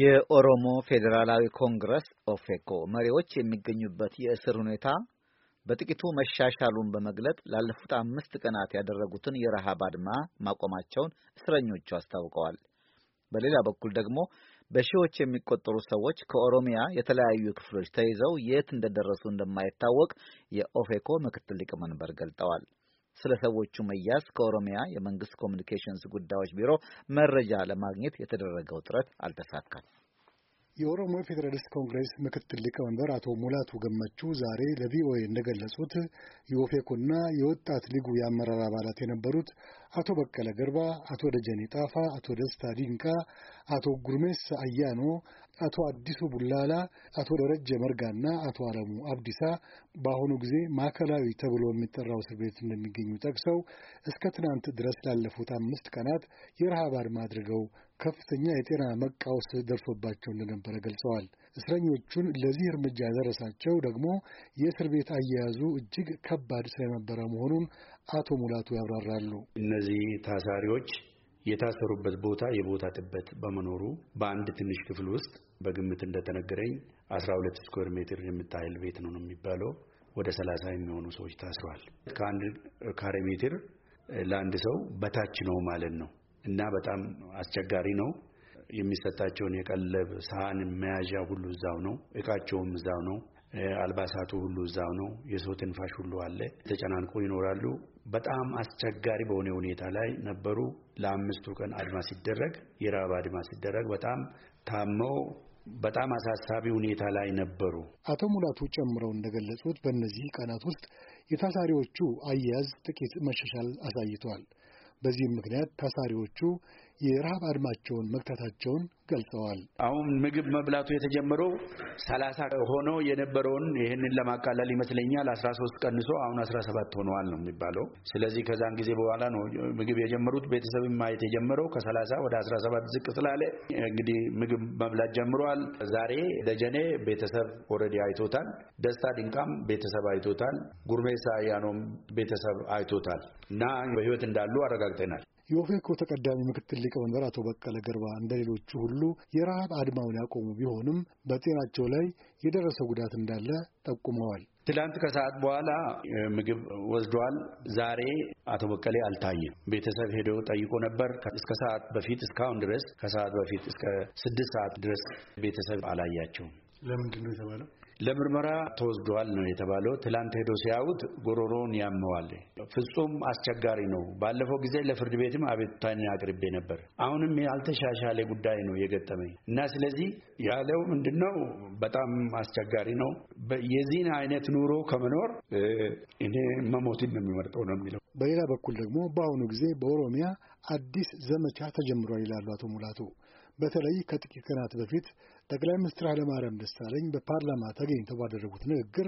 የኦሮሞ ፌዴራላዊ ኮንግረስ ኦፌኮ መሪዎች የሚገኙበት የእስር ሁኔታ በጥቂቱ መሻሻሉን በመግለጥ ላለፉት አምስት ቀናት ያደረጉትን የረሃብ አድማ ማቆማቸውን እስረኞቹ አስታውቀዋል። በሌላ በኩል ደግሞ በሺዎች የሚቆጠሩ ሰዎች ከኦሮሚያ የተለያዩ ክፍሎች ተይዘው የት እንደደረሱ እንደማይታወቅ የኦፌኮ ምክትል ሊቀመንበር ገልጠዋል። ስለ ሰዎቹ መያዝ ከኦሮሚያ የመንግስት ኮሚኒኬሽንስ ጉዳዮች ቢሮ መረጃ ለማግኘት የተደረገው ጥረት አልተሳካም። የኦሮሞ ፌዴራሊስት ኮንግሬስ ምክትል ሊቀመንበር አቶ ሙላቱ ገመቹ ዛሬ ለቪኦኤ እንደገለጹት የኦፌኮና የወጣት ሊጉ የአመራር አባላት የነበሩት አቶ በቀለ ገርባ፣ አቶ ደጀኔ ጣፋ፣ አቶ ደስታ ዲንቃ፣ አቶ ጉርሜስ አያኖ፣ አቶ አዲሱ ቡላላ፣ አቶ ደረጀ መርጋና አቶ አለሙ አብዲሳ በአሁኑ ጊዜ ማዕከላዊ ተብሎ የሚጠራው እስር ቤት እንደሚገኙ ጠቅሰው እስከ ትናንት ድረስ ላለፉት አምስት ቀናት የረሃብ አድማ አድርገው ከፍተኛ የጤና መቃወስ ደርሶባቸው እንደነበረ ገልጸዋል። እስረኞቹን ለዚህ እርምጃ ያደረሳቸው ደግሞ የእስር ቤት አያያዙ እጅግ ከባድ ስለነበረ መሆኑን አቶ ሙላቱ ያብራራሉ። እነዚህ ታሳሪዎች የታሰሩበት ቦታ የቦታ ጥበት በመኖሩ በአንድ ትንሽ ክፍል ውስጥ በግምት እንደተነገረኝ 12 ስኩዌር ሜትር የምታህል ቤት ነው ነው የሚባለው ወደ 30 የሚሆኑ ሰዎች ታስረዋል። ከአንድ ካሬ ሜትር ለአንድ ሰው በታች ነው ማለት ነው እና በጣም አስቸጋሪ ነው። የሚሰጣቸውን የቀለብ ሳህን መያዣ ሁሉ እዛው ነው። እቃቸውም እዛው ነው። አልባሳቱ ሁሉ እዛው ነው። የሰው ትንፋሽ ሁሉ አለ። ተጨናንቆ ይኖራሉ። በጣም አስቸጋሪ በሆነ ሁኔታ ላይ ነበሩ። ለአምስቱ ቀን አድማ ሲደረግ የረሃብ አድማ ሲደረግ በጣም ታመው በጣም አሳሳቢ ሁኔታ ላይ ነበሩ። አቶ ሙላቱ ጨምረው እንደገለጹት በእነዚህ ቀናት ውስጥ የታሳሪዎቹ አያያዝ ጥቂት መሻሻል አሳይቷል። በዚህም ምክንያት ታሳሪዎቹ የረሃብ አድማቸውን መክተታቸውን ገልጸዋል። አሁን ምግብ መብላቱ የተጀመረው ሰላሳ ሆኖ የነበረውን ይህንን ለማቃለል ይመስለኛል አስራ ሶስት ቀንሶ አሁን አስራ ሰባት ሆነዋል ነው የሚባለው። ስለዚህ ከዛን ጊዜ በኋላ ነው ምግብ የጀመሩት። ቤተሰብ ማየት የጀመረው ከሰላሳ ወደ አስራ ሰባት ዝቅ ስላለ እንግዲህ ምግብ መብላት ጀምረዋል። ዛሬ ደጀኔ ቤተሰብ ኦልሬዲ አይቶታል። ደስታ ድንቃም ቤተሰብ አይቶታል። ጉርሜሳ ቤተሰብ አይቶታል እና በህይወት እንዳሉ አረጋ አረጋግጠናል። የኦፌኮ ተቀዳሚ ምክትል ሊቀመንበር አቶ በቀለ ገርባ እንደ ሌሎቹ ሁሉ የረሃብ አድማውን ያቆሙ ቢሆንም በጤናቸው ላይ የደረሰ ጉዳት እንዳለ ጠቁመዋል። ትላንት ከሰዓት በኋላ ምግብ ወስዷል ዛሬ አቶ በቀሌ አልታየም። ቤተሰብ ሄዶ ጠይቆ ነበር። እስከ ሰዓት በፊት እስካሁን ድረስ ከሰዓት በፊት እስከ ስድስት ሰዓት ድረስ ቤተሰብ አላያቸውም። ለምንድን ነው የተባለው? ለምርመራ ተወስዷል ነው የተባለው። ትላንት ሄዶ ሲያዩት ጉሮሮውን ያመዋል። ፍጹም አስቸጋሪ ነው። ባለፈው ጊዜ ለፍርድ ቤትም አቤቱታን አቅርቤ ነበር። አሁንም ያልተሻሻለ ጉዳይ ነው የገጠመኝ እና ስለዚህ ያለው ምንድነው በጣም አስቸጋሪ ነው። የዚህን አይነት ኑሮ ከመኖር እኔ መሞትን ነው የሚመርጠው ነው የሚለው። በሌላ በኩል ደግሞ በአሁኑ ጊዜ በኦሮሚያ አዲስ ዘመቻ ተጀምሯል ይላሉ አቶ ሙላቱ። በተለይ ከጥቂት ቀናት በፊት ጠቅላይ ሚኒስትር ኃይለማርያም ደሳለኝ በፓርላማ ተገኝተው ባደረጉት ንግግር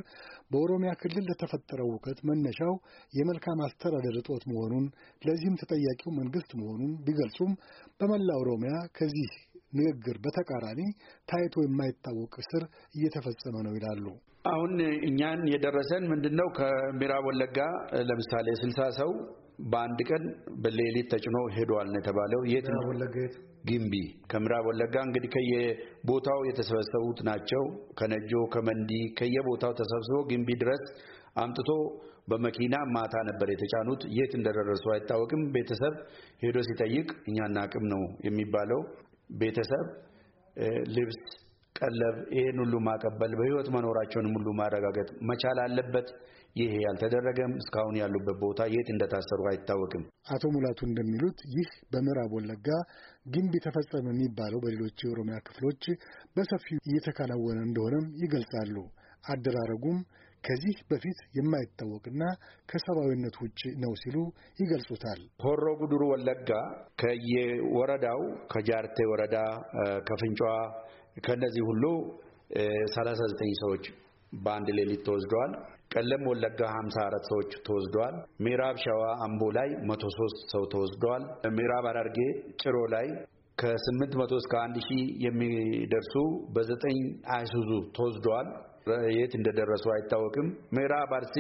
በኦሮሚያ ክልል ለተፈጠረው ውቀት መነሻው የመልካም አስተዳደር እጦት መሆኑን ለዚህም ተጠያቂው መንግስት መሆኑን ቢገልጹም በመላ ኦሮሚያ ከዚህ ንግግር በተቃራኒ ታይቶ የማይታወቅ እስር እየተፈጸመ ነው ይላሉ። አሁን እኛን የደረሰን ምንድን ነው? ከምዕራብ ወለጋ ለምሳሌ ስልሳ ሰው በአንድ ቀን በሌሊት ተጭኖ ሄዷል ነው የተባለው። የት ነው? ግንቢ ከምዕራብ ወለጋ እንግዲህ ከየቦታው የተሰበሰቡት ናቸው። ከነጆ ከመንዲ ከየቦታው ተሰብስቦ ግንቢ ድረስ አምጥቶ በመኪና ማታ ነበር የተጫኑት። የት እንደደረሱ አይታወቅም። ቤተሰብ ሄዶ ሲጠይቅ እኛ አቅም ነው የሚባለው። ቤተሰብ ልብስ፣ ቀለብ፣ ይሄን ሁሉ ማቀበል በህይወት መኖራቸውንም ሁሉ ማረጋገጥ መቻል አለበት። ይህ ያልተደረገም እስካሁን ያሉበት ቦታ የት እንደታሰሩ አይታወቅም። አቶ ሙላቱ እንደሚሉት ይህ በምዕራብ ወለጋ ግንቢ ተፈጸመ የሚባለው በሌሎች የኦሮሚያ ክፍሎች በሰፊው እየተከናወነ እንደሆነም ይገልጻሉ። አደራረጉም ከዚህ በፊት የማይታወቅና ከሰብአዊነት ውጭ ነው ሲሉ ይገልጹታል። ሆሮ ጉዱሩ ወለጋ ከየወረዳው ከጃርቴ ወረዳ ከፍንጫዋ ከነዚህ ሁሉ ዘጠኝ ሰዎች በአንድ ሌሊት ተወስደዋል። ቀለም ወለጋ 54 ሰዎች ተወስደዋል። ምዕራብ ሸዋ አምቦ ላይ 103 ሰው ተወስደዋል። ምዕራብ አራርጌ ጭሮ ላይ ከ800 እስከ 1000 የሚደርሱ በዘጠኝ አይሱዙ ተወስደዋል። የት እንደደረሱ አይታወቅም። ምዕራብ አርሲ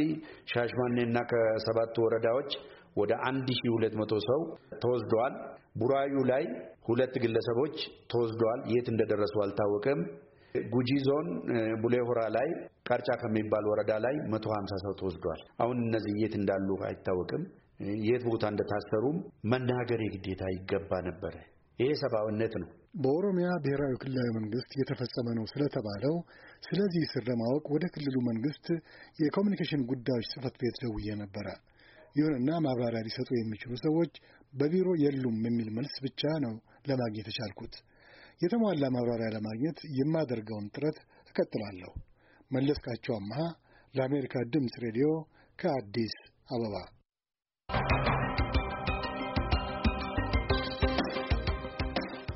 እና ከሰባቱ ወረዳዎች ወደ 1200 ሰው ተወስደዋል። ቡራዩ ላይ ሁለት ግለሰቦች ተወስደዋል። የት እንደደረሱ አልታወቀም። ጉጂ ዞን ቡሌሆራ ላይ ቃርጫ ከሚባል ወረዳ ላይ መቶ ሀምሳ ሰው ተወስዷል። አሁን እነዚህ የት እንዳሉ አይታወቅም። የት ቦታ እንደታሰሩም መናገር የግዴታ ይገባ ነበረ። ይሄ ሰብአዊነት ነው። በኦሮሚያ ብሔራዊ ክልላዊ መንግስት የተፈጸመ ነው ስለተባለው ስለዚህ ስር ለማወቅ ወደ ክልሉ መንግስት የኮሚኒኬሽን ጉዳዮች ጽህፈት ቤት ደውዬ ነበረ። ይሁንና ማብራሪያ ሊሰጡ የሚችሉ ሰዎች በቢሮ የሉም የሚል መልስ ብቻ ነው ለማግኘት የቻልኩት። የተሟላ ማብራሪያ ለማግኘት የማደርገውን ጥረት እቀጥላለሁ። መለስካቸው አምሃ ለአሜሪካ ድምፅ ሬዲዮ ከአዲስ አበባ